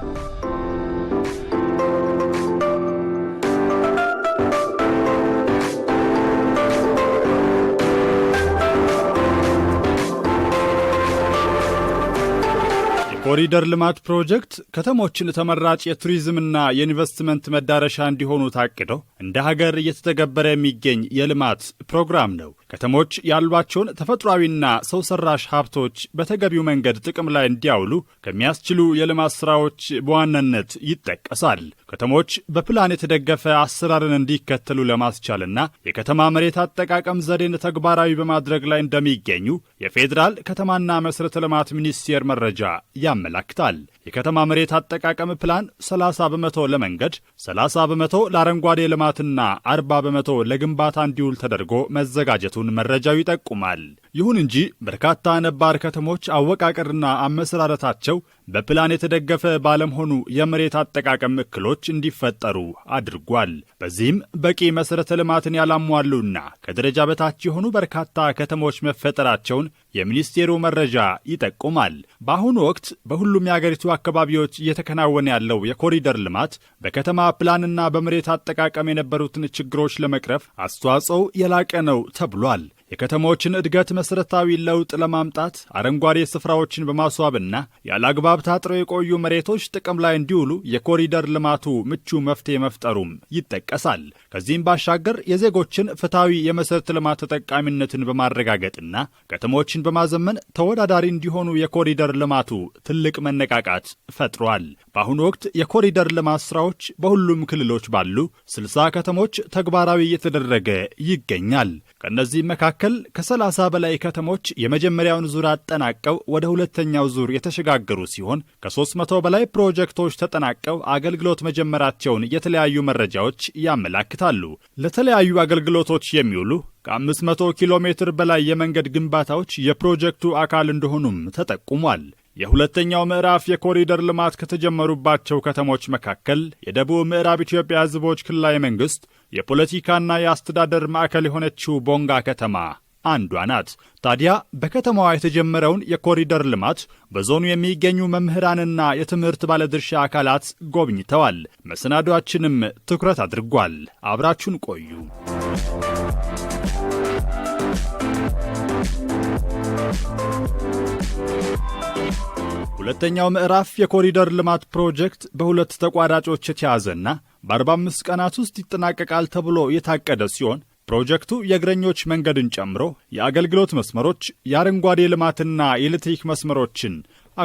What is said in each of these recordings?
ኮሪደር ልማት ፕሮጀክት ከተሞችን ተመራጭ የቱሪዝምና የኢንቨስትመንት መዳረሻ እንዲሆኑ ታቅዶ እንደ ሀገር እየተተገበረ የሚገኝ የልማት ፕሮግራም ነው። ከተሞች ያሏቸውን ተፈጥሯዊና ሰው ሰራሽ ሀብቶች በተገቢው መንገድ ጥቅም ላይ እንዲያውሉ ከሚያስችሉ የልማት ስራዎች በዋናነት ይጠቀሳል። ከተሞች በፕላን የተደገፈ አሰራርን እንዲከተሉ ለማስቻልና የከተማ መሬት አጠቃቀም ዘዴን ተግባራዊ በማድረግ ላይ እንደሚገኙ የፌዴራል ከተማና መሠረተ ልማት ሚኒስቴር መረጃ ያመላክታል። የከተማ መሬት አጠቃቀም ፕላን 30 በመቶ ለመንገድ፣ 30 በመቶ ለአረንጓዴ ልማትና 40 በመቶ ለግንባታ እንዲውል ተደርጎ መዘጋጀቱ መድረሱን መረጃው ይጠቁማል። ይሁን እንጂ በርካታ ነባር ከተሞች አወቃቀርና አመሰራረታቸው በፕላን የተደገፈ ባለመሆኑ የመሬት አጠቃቀም እክሎች እንዲፈጠሩ አድርጓል። በዚህም በቂ መሠረተ ልማትን ያላሟሉና ከደረጃ በታች የሆኑ በርካታ ከተሞች መፈጠራቸውን የሚኒስቴሩ መረጃ ይጠቁማል። በአሁኑ ወቅት በሁሉም የአገሪቱ አካባቢዎች እየተከናወነ ያለው የኮሪደር ልማት በከተማ ፕላንና በመሬት አጠቃቀም የነበሩትን ችግሮች ለመቅረፍ አስተዋጽኦው የላቀ ነው ተብሏል። የከተሞችን እድገት መሠረታዊ ለውጥ ለማምጣት አረንጓዴ ስፍራዎችን በማስዋብና ያለአግባብ ታጥረው የቆዩ መሬቶች ጥቅም ላይ እንዲውሉ የኮሪደር ልማቱ ምቹ መፍትሄ መፍጠሩም ይጠቀሳል። ከዚህም ባሻገር የዜጎችን ፍትሐዊ የመሠረተ ልማት ተጠቃሚነትን በማረጋገጥና ከተሞችን በማዘመን ተወዳዳሪ እንዲሆኑ የኮሪደር ልማቱ ትልቅ መነቃቃት ፈጥሯል። በአሁኑ ወቅት የኮሪደር ልማት ስራዎች በሁሉም ክልሎች ባሉ ስልሳ ከተሞች ተግባራዊ እየተደረገ ይገኛል። ከእነዚህ መካከል መካከል ከ30 በላይ ከተሞች የመጀመሪያውን ዙር አጠናቀው ወደ ሁለተኛው ዙር የተሸጋገሩ ሲሆን ከ300 በላይ ፕሮጀክቶች ተጠናቀው አገልግሎት መጀመራቸውን የተለያዩ መረጃዎች ያመላክታሉ። ለተለያዩ አገልግሎቶች የሚውሉ ከ500 ኪሎ ሜትር በላይ የመንገድ ግንባታዎች የፕሮጀክቱ አካል እንደሆኑም ተጠቁሟል። የሁለተኛው ምዕራፍ የኮሪደር ልማት ከተጀመሩባቸው ከተሞች መካከል የደቡብ ምዕራብ ኢትዮጵያ ሕዝቦች ክልላዊ መንግሥት የፖለቲካና የአስተዳደር ማዕከል የሆነችው ቦንጋ ከተማ አንዷ ናት። ታዲያ በከተማዋ የተጀመረውን የኮሪደር ልማት በዞኑ የሚገኙ መምህራንና የትምህርት ባለድርሻ አካላት ጎብኝተዋል። መሰናዷችንም ትኩረት አድርጓል። አብራችሁን ቆዩ። ሁለተኛው ምዕራፍ የኮሪደር ልማት ፕሮጀክት በሁለት ተቋራጮች የተያዘና በ45 ቀናት ውስጥ ይጠናቀቃል ተብሎ የታቀደ ሲሆን ፕሮጀክቱ የእግረኞች መንገድን ጨምሮ የአገልግሎት መስመሮች፣ የአረንጓዴ ልማትና የኤሌክትሪክ መስመሮችን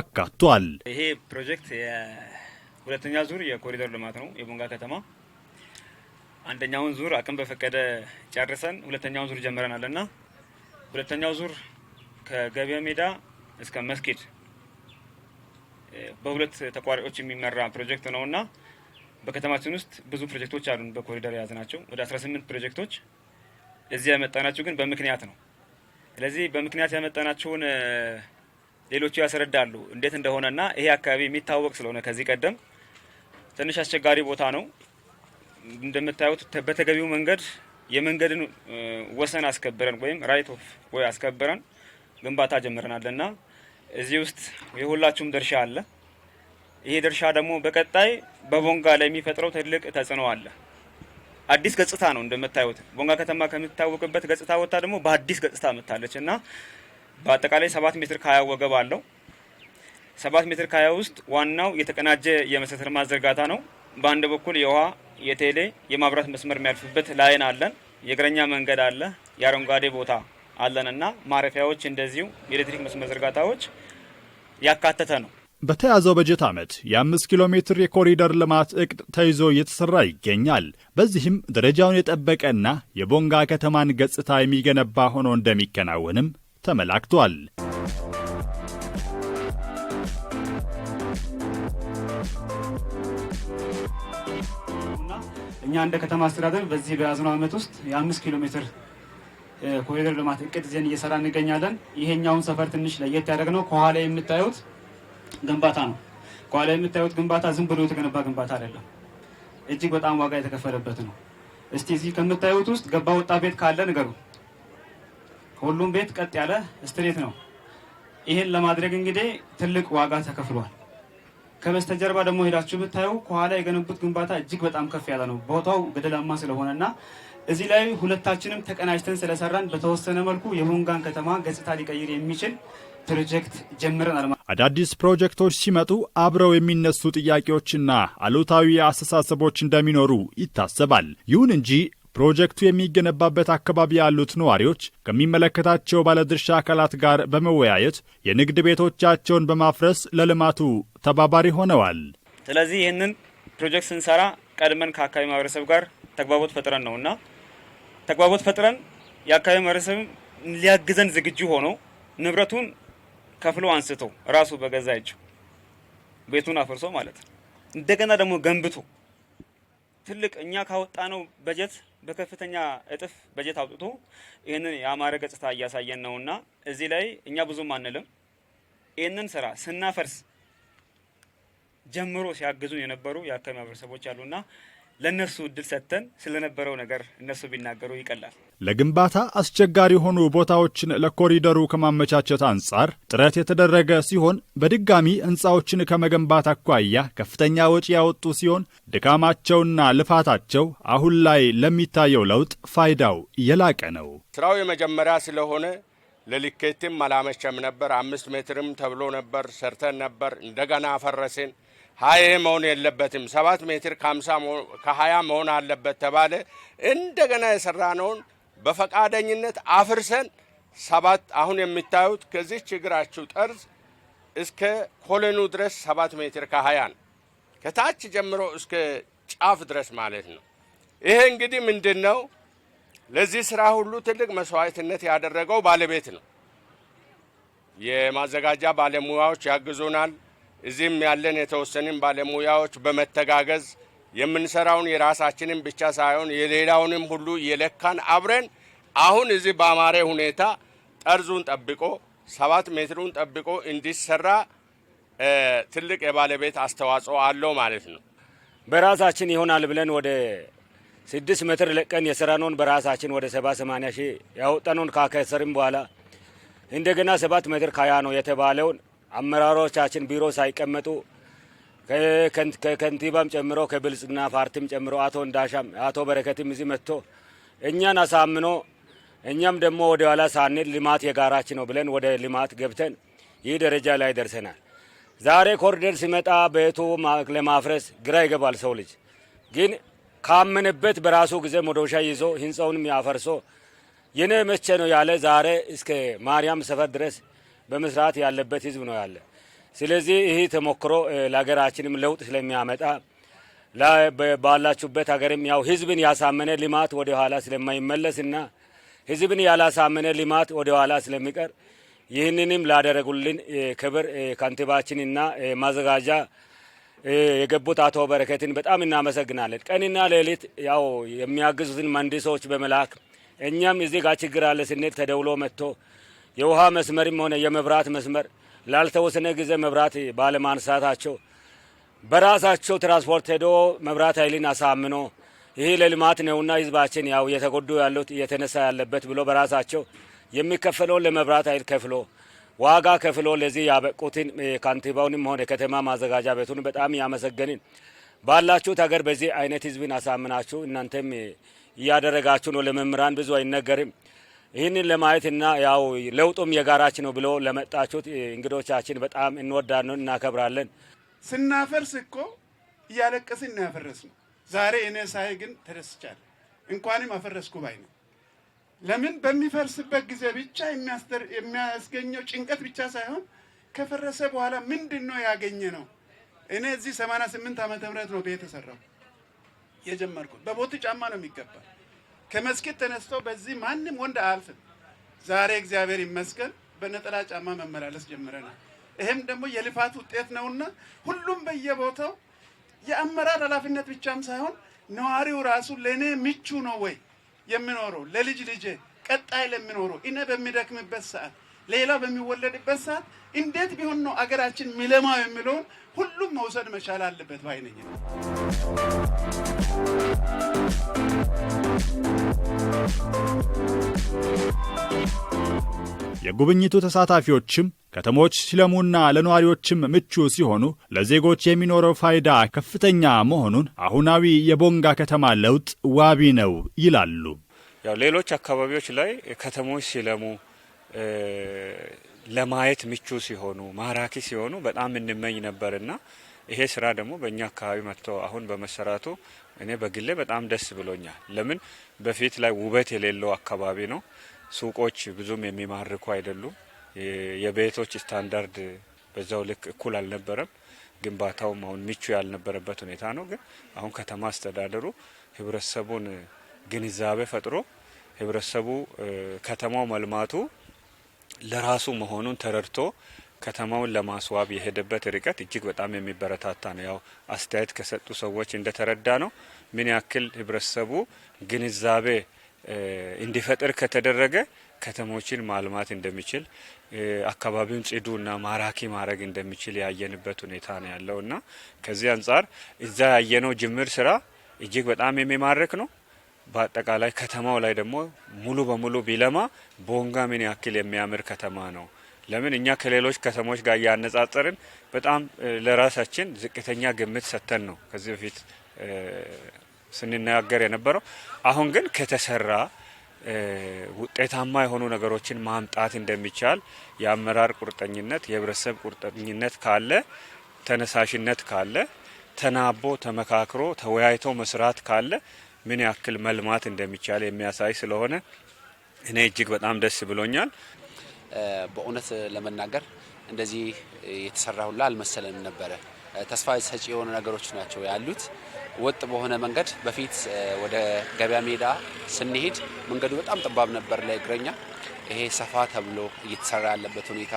አካቷል። ይሄ ፕሮጀክት የሁለተኛ ዙር የኮሪደር ልማት ነው። የቦንጋ ከተማ አንደኛውን ዙር አቅም በፈቀደ ጨርሰን ሁለተኛውን ዙር ጀምረናል እና ሁለተኛው ዙር ከገበያ ሜዳ እስከ መስጊድ በሁለት ተቋሪዎች የሚመራ ፕሮጀክት ነው እና በከተማችን ውስጥ ብዙ ፕሮጀክቶች አሉን። በኮሪደር ናቸው ወደ 18 ፕሮጀክቶች እዚህ ያመጣናቸው ግን በምክንያት ነው። ስለዚህ በምክንያት ያመጣናቸውን ሌሎቹ ያስረዳሉ እንዴት እንደሆነ እና ይሄ አካባቢ የሚታወቅ ስለሆነ ከዚህ ቀደም ትንሽ አስቸጋሪ ቦታ ነው። እንደምታዩት በተገቢው መንገድ የመንገድን ወሰን አስከብረን ወይም ራይት ኦፍ ወይ አስከብረን ግንባታ ጀምረናል እና እዚህ ውስጥ የሁላችሁም ድርሻ አለ። ይሄ ድርሻ ደግሞ በቀጣይ በቦንጋ ላይ የሚፈጥረው ትልቅ ተጽዕኖ አለ። አዲስ ገጽታ ነው እንደምታዩት። ቦንጋ ከተማ ከምትታወቅበት ገጽታ ወጣ ደግሞ በአዲስ ገጽታ መታለች እና በአጠቃላይ ሰባት ሜትር ከሀያ ወገብ አለው። ሰባት ሜትር ከሀያ ውስጥ ዋናው የተቀናጀ የመሰረተ ልማት ዝርጋታ ነው። በአንድ በኩል የውሃ፣ የቴሌ፣ የማብራት መስመር የሚያልፍበት ላይን አለን። የእግረኛ መንገድ አለ። የአረንጓዴ ቦታ አለንና ማረፊያዎች እንደዚሁ የኤሌክትሪክ መስመር ዝርጋታዎች ያካተተ ነው። በተያዘው በጀት ዓመት የአምስት ኪሎ ሜትር የኮሪደር ልማት እቅድ ተይዞ እየተሰራ ይገኛል። በዚህም ደረጃውን የጠበቀና የቦንጋ ከተማን ገጽታ የሚገነባ ሆኖ እንደሚከናወንም ተመላክቷል። እኛ እንደ ከተማ አስተዳደር በዚህ በያዝነው ዓመት ውስጥ የአምስት ኪሎ ሜትር ኮሪደር ልማት እቅድ ዜን እየሰራ እንገኛለን። ይሄኛውን ሰፈር ትንሽ ለየት ያደረግ ነው። ከኋላ የምታዩት ግንባታ ነው። ከኋላ የምታዩት ግንባታ ዝም ብሎ የተገነባ ግንባታ አይደለም። እጅግ በጣም ዋጋ የተከፈለበት ነው። እስቲ እዚህ ከምታዩት ውስጥ ገባ ወጣ ቤት ካለ ንገሩ። ሁሉም ቤት ቀጥ ያለ ስትሬት ነው። ይህን ለማድረግ እንግዲህ ትልቅ ዋጋ ተከፍሏል። ከበስተጀርባ ደግሞ ሄዳችሁ ብታዩ ከኋላ የገነቡት ግንባታ እጅግ በጣም ከፍ ያለ ነው። ቦታው ገደላማ ስለሆነና እዚህ ላይ ሁለታችንም ተቀናጅተን ስለሰራን በተወሰነ መልኩ የቦንጋን ከተማ ገጽታ ሊቀይር የሚችል ፕሮጀክት ጀምረናል። አዳዲስ ፕሮጀክቶች ሲመጡ አብረው የሚነሱ ጥያቄዎችና አሉታዊ አስተሳሰቦች እንደሚኖሩ ይታሰባል። ይሁን እንጂ ፕሮጀክቱ የሚገነባበት አካባቢ ያሉት ነዋሪዎች ከሚመለከታቸው ባለድርሻ አካላት ጋር በመወያየት የንግድ ቤቶቻቸውን በማፍረስ ለልማቱ ተባባሪ ሆነዋል። ስለዚህ ይህንን ፕሮጀክት ስንሰራ ቀድመን ከአካባቢ ማህበረሰብ ጋር ተግባቦት ፈጥረን ነውና ተግባቦት ፈጥረን የአካባቢ ማህበረሰብ ሊያግዘን ዝግጁ ሆኖ ንብረቱን ከፍሎ አንስቶ ራሱ በገዛ እጁ ቤቱን አፍርሶ ማለት ነው። እንደገና ደግሞ ገንብቶ ትልቅ እኛ ካወጣነው በጀት በከፍተኛ እጥፍ በጀት አውጥቶ ይህንን የአማረ ገጽታ እያሳየን ነውና እዚህ ላይ እኛ ብዙም አንልም። ይህንን ስራ ስናፈርስ ጀምሮ ሲያግዙን የነበሩ የአካባቢ ማህበረሰቦች አሉና ለእነሱ እድል ሰጥተን ስለነበረው ነገር እነሱ ቢናገሩ ይቀላል። ለግንባታ አስቸጋሪ የሆኑ ቦታዎችን ለኮሪደሩ ከማመቻቸት አንጻር ጥረት የተደረገ ሲሆን በድጋሚ ሕንፃዎችን ከመገንባት አኳያ ከፍተኛ ወጪ ያወጡ ሲሆን ድካማቸውና ልፋታቸው አሁን ላይ ለሚታየው ለውጥ ፋይዳው የላቀ ነው። ስራው የመጀመሪያ ስለሆነ ለልኬትም አላመቸም ነበር። አምስት ሜትርም ተብሎ ነበር ሰርተን ነበር። እንደገና አፈረስን። ሀያ መሆን የለበትም ሰባት ሜትር ከሀያ መሆን አለበት ተባለ። እንደገና የሰራነውን በፈቃደኝነት አፍርሰን ሰባት አሁን የሚታዩት ከዚህ ችግራችሁ ጠርዝ እስከ ኮለኑ ድረስ ሰባት ሜትር ከሀያ ነው። ከታች ጀምሮ እስከ ጫፍ ድረስ ማለት ነው። ይሄ እንግዲህ ምንድን ነው ለዚህ ስራ ሁሉ ትልቅ መስዋዕትነት ያደረገው ባለቤት ነው። የማዘጋጃ ባለሙያዎች ያግዙናል። እዚህም ያለን የተወሰንን ባለሙያዎች በመተጋገዝ የምንሰራውን የራሳችንን ብቻ ሳይሆን የሌላውንም ሁሉ የለካን አብረን አሁን እዚህ በአማረ ሁኔታ ጠርዙን ጠብቆ ሰባት ሜትሩን ጠብቆ እንዲሰራ ትልቅ የባለቤት አስተዋጽኦ አለው ማለት ነው። በራሳችን ይሆናል ብለን ወደ ስድስት ሜትር ለቀን የሰራነውን በራሳችን ወደ ሰባ ሰማንያ ሺህ ያወጣነውን ካከሰርም በኋላ እንደገና ሰባት ሜትር ካያ ነው የተባለውን አመራሮቻችን ቢሮ ሳይቀመጡ ከከንቲባም ጨምሮ ከብልጽግና ፓርቲም ጨምሮ አቶ እንዳሻም አቶ በረከትም እዚህ መጥቶ እኛን አሳምኖ እኛም ደግሞ ወደ ኋላ ሳንል ልማት የጋራችን ነው ብለን ወደ ልማት ገብተን ይህ ደረጃ ላይ ደርሰናል። ዛሬ ኮሪደር ሲመጣ ቤቱ ለማፍረስ ግራ ይገባል ሰው ልጅ። ግን ካመነበት በራሱ ጊዜ መዶሻ ይዞ ህንፃውንም ያፈርሶ የኔ መቼ ነው ያለ ዛሬ እስከ ማርያም ሰፈር ድረስ በመስራት ያለበት ህዝብ ነው ያለ። ስለዚህ ይህ ተሞክሮ ለሀገራችንም ለውጥ ስለሚያመጣ ባላችሁበት ሀገርም ያው ህዝብን ያሳመነ ልማት ወደ ኋላ ስለማይመለስና ህዝብን ያላሳመነ ልማት ወደ ኋላ ስለሚቀር ይህንንም ላደረጉልን ክብር ከንቲባችንና ማዘጋጃ የገቡት አቶ በረከትን በጣም እናመሰግናለን። ቀንና ሌሊት ያው የሚያግዙትን መንድሶች በመላክ እኛም እዚህ ጋር ችግር አለ ስንል ተደውሎ መጥቶ የውሃ መስመርም ሆነ የመብራት መስመር ላልተወሰነ ጊዜ መብራት ባለማንሳታቸው በራሳቸው ትራንስፖርት ሄዶ መብራት ኃይልን አሳምኖ ይህ ለልማት ነውና ህዝባችን ያው እየተጎዱ ያሉት እየተነሳ ያለበት ብሎ በራሳቸው የሚከፈለውን ለመብራት ኃይል ከፍሎ ዋጋ ከፍሎ ለዚህ ያበቁትን ካንቲባውንም ሆነ ከተማ ማዘጋጃ ቤቱን በጣም ያመሰገንን ባላችሁት ሀገር በዚህ አይነት ህዝብን አሳምናችሁ እናንተም እያደረጋችሁ ነው። ለመምህራን ብዙ አይነገርም። ይህንን ለማየት ያው ለውጡም የጋራችን ነው ብሎ ለመጣችሁት እንግዶቻችን በጣም እንወዳለን፣ እናከብራለን። ስናፈርስ እኮ እያለቀስን እናፈረስ ነው። ዛሬ እኔ ሳይ ግን ተደስቻለሁ። እንኳንም አፈረስኩ ባይ ነው። ለምን በሚፈርስበት ጊዜ ብቻ የሚያስገኘው ጭንቀት ብቻ ሳይሆን ከፈረሰ በኋላ ምንድን ነው ያገኘ ነው። እኔ እዚህ 88 ዓመተ ምህረት ነው ቤት የሰራው የጀመርኩት። በቦት ጫማ ነው የሚገባል ከመስጊድ ተነስቶ በዚህ ማንም ወንድ አያልፍም። ዛሬ እግዚአብሔር ይመስገን በነጠላ ጫማ መመላለስ ጀምረናል። ይህም ደግሞ የልፋት ውጤት ነውና ሁሉም በየቦታው የአመራር ኃላፊነት ብቻም ሳይሆን ነዋሪው ራሱ ለእኔ ምቹ ነው ወይ የሚኖረው ለልጅ ልጄ ቀጣይ ለሚኖረው እኔ በሚደክምበት ሰዓት ሌላው በሚወለድበት ሰዓት እንዴት ቢሆን ነው አገራችን ሚለማው የሚለውን ሁሉም መውሰድ መቻል አለበት ነኝ። የጉብኝቱ ተሳታፊዎችም ከተሞች ሲለሙና ለነዋሪዎችም ምቹ ሲሆኑ ለዜጎች የሚኖረው ፋይዳ ከፍተኛ መሆኑን አሁናዊ የቦንጋ ከተማ ለውጥ ዋቢ ነው ይላሉ። ያው ሌሎች አካባቢዎች ላይ ከተሞች ሲለሙ ለማየት ምቹ ሲሆኑ ማራኪ ሲሆኑ በጣም እንመኝ ነበርና ይሄ ስራ ደግሞ በእኛ አካባቢ መጥቶ አሁን በመሰራቱ እኔ በግሌ በጣም ደስ ብሎኛል። ለምን በፊት ላይ ውበት የሌለው አካባቢ ነው። ሱቆች ብዙም የሚማርኩ አይደሉም። የቤቶች ስታንዳርድ በዛው ልክ እኩል አልነበረም። ግንባታውም አሁን ምቹ ያልነበረበት ሁኔታ ነው። ግን አሁን ከተማ አስተዳደሩ ህብረተሰቡን ግንዛቤ ፈጥሮ ህብረተሰቡ ከተማው መልማቱ ለራሱ መሆኑን ተረድቶ ከተማውን ለማስዋብ የሄደበት ርቀት እጅግ በጣም የሚበረታታ ነው። ያው አስተያየት ከሰጡ ሰዎች እንደተረዳ ነው ምን ያክል ህብረተሰቡ ግንዛቤ እንዲፈጥር ከተደረገ ከተሞችን ማልማት እንደሚችል አካባቢውን ጽዱ ና ማራኪ ማድረግ እንደሚችል ያየንበት ሁኔታ ነው ያለው እና ከዚህ አንጻር እዛ ያየነው ጅምር ስራ እጅግ በጣም የሚማርክ ነው። በአጠቃላይ ከተማው ላይ ደግሞ ሙሉ በሙሉ ቢለማ ቦንጋ ምን ያክል የሚያምር ከተማ ነው። ለምን እኛ ከሌሎች ከተሞች ጋር እያነጻጸርን በጣም ለራሳችን ዝቅተኛ ግምት ሰጥተን ነው ከዚህ በፊት ስንነጋገር የነበረው። አሁን ግን ከተሰራ ውጤታማ የሆኑ ነገሮችን ማምጣት እንደሚቻል የአመራር ቁርጠኝነት፣ የህብረተሰብ ቁርጠኝነት ካለ፣ ተነሳሽነት ካለ፣ ተናቦ ተመካክሮ ተወያይቶ መስራት ካለ ምን ያክል መልማት እንደሚቻል የሚያሳይ ስለሆነ እኔ እጅግ በጣም ደስ ብሎኛል። በእውነት ለመናገር እንደዚህ የተሰራ ሁላ አልመሰለንም ነበረ። ተስፋ ሰጪ የሆኑ ነገሮች ናቸው ያሉት። ወጥ በሆነ መንገድ በፊት ወደ ገበያ ሜዳ ስንሄድ መንገዱ በጣም ጠባብ ነበር ለእግረኛ። ይሄ ሰፋ ተብሎ እየተሰራ ያለበት ሁኔታ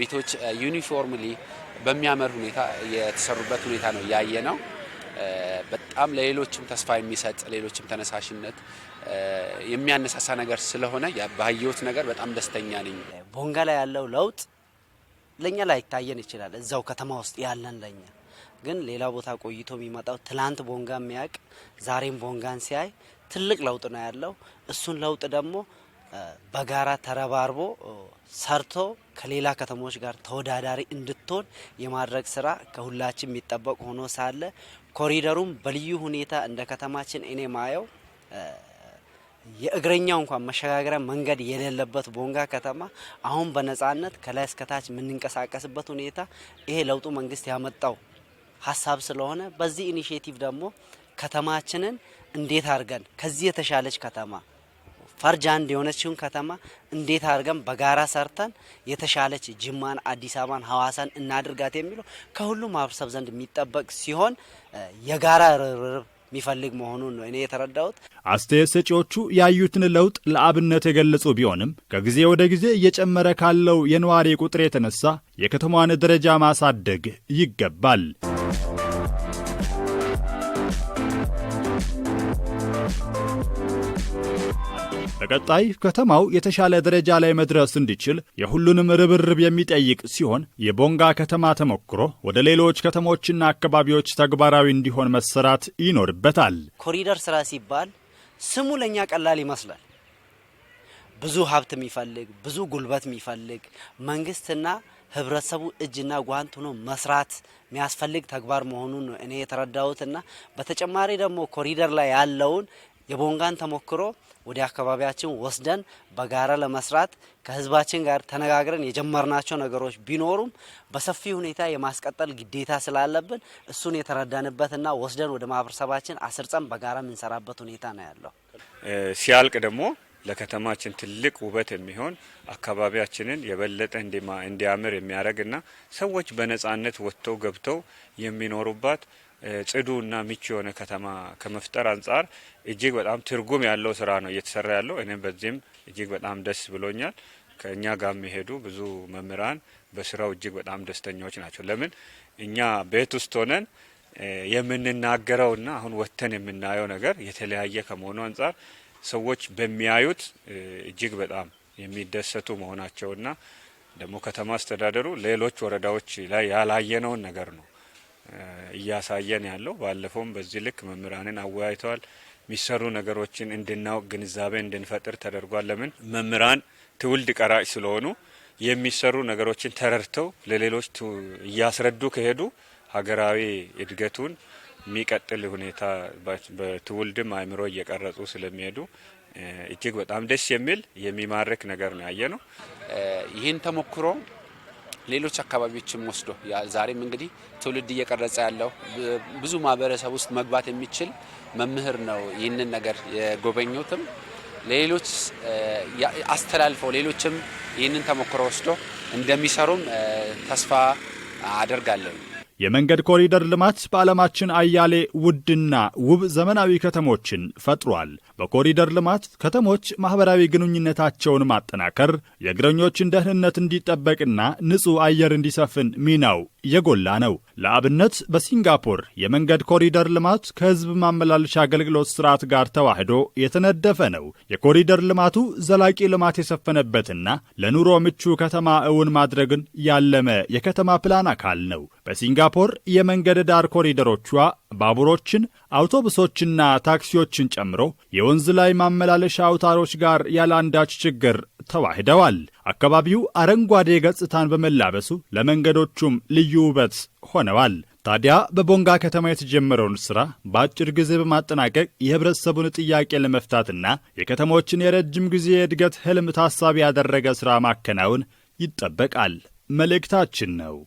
ቤቶች ዩኒፎርምሊ በሚያምር ሁኔታ የተሰሩበት ሁኔታ ነው ያየ ነው። በጣም ለሌሎችም ተስፋ የሚሰጥ ሌሎችም ተነሳሽነት የሚያነሳሳ ነገር ስለሆነ ባየሁት ነገር በጣም ደስተኛ ነኝ። ቦንጋ ላይ ያለው ለውጥ ለእኛ ላይታየን ይችላል፣ እዛው ከተማ ውስጥ ያለን ለኛ ግን ሌላ ቦታ ቆይቶ የሚመጣው ትላንት ቦንጋ የሚያውቅ ዛሬም ቦንጋን ሲያይ ትልቅ ለውጥ ነው ያለው። እሱን ለውጥ ደግሞ በጋራ ተረባርቦ ሰርቶ ከሌላ ከተሞች ጋር ተወዳዳሪ እንድትሆን የማድረግ ስራ ከሁላችን የሚጠበቅ ሆኖ ሳለ ኮሪደሩም በልዩ ሁኔታ እንደ ከተማችን እኔ ማየው የእግረኛው እንኳን መሸጋገሪያ መንገድ የሌለበት ቦንጋ ከተማ አሁን በነጻነት ከላይ እስከታች የምንንቀሳቀስበት ሁኔታ ይሄ ለውጡ መንግስት ያመጣው ሀሳብ ስለሆነ በዚህ ኢኒሽቲቭ ደግሞ ከተማችንን እንዴት አድርገን ከዚህ የተሻለች ከተማ ፈርጅ አንድ የሆነችውን ከተማ እንዴት አድርገን በጋራ ሰርተን የተሻለች ጅማን፣ አዲስ አበባን፣ ሀዋሳን እናድርጋት የሚለው ከሁሉም ማህበረሰብ ዘንድ የሚጠበቅ ሲሆን የጋራ ርብርብ የሚፈልግ መሆኑን ነው እኔ የተረዳሁት። አስተያየት ሰጪዎቹ ያዩትን ለውጥ ለአብነት የገለጹ ቢሆንም ከጊዜ ወደ ጊዜ እየጨመረ ካለው የነዋሪ ቁጥር የተነሳ የከተማዋን ደረጃ ማሳደግ ይገባል። በቀጣይ ከተማው የተሻለ ደረጃ ላይ መድረስ እንዲችል የሁሉንም ርብርብ የሚጠይቅ ሲሆን የቦንጋ ከተማ ተሞክሮ ወደ ሌሎች ከተሞችና አካባቢዎች ተግባራዊ እንዲሆን መሰራት ይኖርበታል። ኮሪደር ስራ ሲባል ስሙ ለእኛ ቀላል ይመስላል። ብዙ ሀብት የሚፈልግ ብዙ ጉልበት የሚፈልግ መንግስትና ህብረተሰቡ እጅና ጓንት ሆኖ መስራት የሚያስፈልግ ተግባር መሆኑን ነው እኔ የተረዳሁትና በተጨማሪ ደግሞ ኮሪደር ላይ ያለውን የቦንጋን ተሞክሮ ወደ አካባቢያችን ወስደን በጋራ ለመስራት ከህዝባችን ጋር ተነጋግረን የጀመርናቸው ነገሮች ቢኖሩም በሰፊ ሁኔታ የማስቀጠል ግዴታ ስላለብን እሱን የተረዳንበትና ወስደን ወደ ማህበረሰባችን አስርጸን በጋራ የምንሰራበት ሁኔታ ነው ያለው። ሲያልቅ ደግሞ ለከተማችን ትልቅ ውበት የሚሆን አካባቢያችንን የበለጠ እንዲያምር የሚያደርግና ሰዎች በነጻነት ወጥተው ገብተው የሚኖሩባት ጽዱ እና ምቹ የሆነ ከተማ ከመፍጠር አንጻር እጅግ በጣም ትርጉም ያለው ስራ ነው እየተሰራ ያለው። እኔም በዚህም እጅግ በጣም ደስ ብሎኛል። ከእኛ ጋር የሚሄዱ ብዙ መምህራን በስራው እጅግ በጣም ደስተኛዎች ናቸው። ለምን እኛ ቤት ውስጥ ሆነን የምንናገረውና አሁን ወጥተን የምናየው ነገር የተለያየ ከመሆኑ አንጻር ሰዎች በሚያዩት እጅግ በጣም የሚደሰቱ መሆናቸውና ደግሞ ከተማ አስተዳደሩ ሌሎች ወረዳዎች ላይ ያላየነውን ነገር ነው እያሳየን ያለው። ባለፈውም በዚህ ልክ መምህራንን አወያይተዋል። የሚሰሩ ነገሮችን እንድናውቅ ግንዛቤ እንድንፈጥር ተደርጓል። ለምን መምህራን ትውልድ ቀራጭ ስለሆኑ የሚሰሩ ነገሮችን ተረድተው ለሌሎች እያስረዱ ከሄዱ ሀገራዊ እድገቱን የሚቀጥል ሁኔታ በትውልድም አእምሮ እየቀረጹ ስለሚሄዱ እጅግ በጣም ደስ የሚል የሚማርክ ነገር ነው ያየ ነው ይህን ተሞክሮ ሌሎች አካባቢዎችም ወስዶ ዛሬም እንግዲህ ትውልድ እየቀረጸ ያለው ብዙ ማህበረሰብ ውስጥ መግባት የሚችል መምህር ነው። ይህንን ነገር የጎበኙትም ሌሎች አስተላልፈው ሌሎችም ይህንን ተሞክሮ ወስዶ እንደሚሰሩም ተስፋ አደርጋለሁ። የመንገድ ኮሪደር ልማት በዓለማችን አያሌ ውድና ውብ ዘመናዊ ከተሞችን ፈጥሯል። በኮሪደር ልማት ከተሞች ማኅበራዊ ግንኙነታቸውን ማጠናከር፣ የእግረኞችን ደህንነት እንዲጠበቅና ንጹሕ አየር እንዲሰፍን ሚናው የጎላ ነው። ለአብነት በሲንጋፖር የመንገድ ኮሪደር ልማት ከህዝብ ማመላለሻ አገልግሎት ስርዓት ጋር ተዋህዶ የተነደፈ ነው። የኮሪደር ልማቱ ዘላቂ ልማት የሰፈነበትና ለኑሮ ምቹ ከተማ እውን ማድረግን ያለመ የከተማ ፕላን አካል ነው። በሲንጋፖር የመንገድ ዳር ኮሪደሮቿ ባቡሮችን አውቶቡሶችና ታክሲዎችን ጨምሮ የወንዝ ላይ ማመላለሻ አውታሮች ጋር ያለ አንዳች ችግር ተዋህደዋል። አካባቢው አረንጓዴ ገጽታን በመላበሱ ለመንገዶቹም ልዩ ውበት ሆነዋል። ታዲያ በቦንጋ ከተማ የተጀመረውን ሥራ በአጭር ጊዜ በማጠናቀቅ የህብረተሰቡን ጥያቄ ለመፍታትና የከተሞችን የረጅም ጊዜ የእድገት ህልም ታሳቢ ያደረገ ሥራ ማከናወን ይጠበቃል መልእክታችን ነው።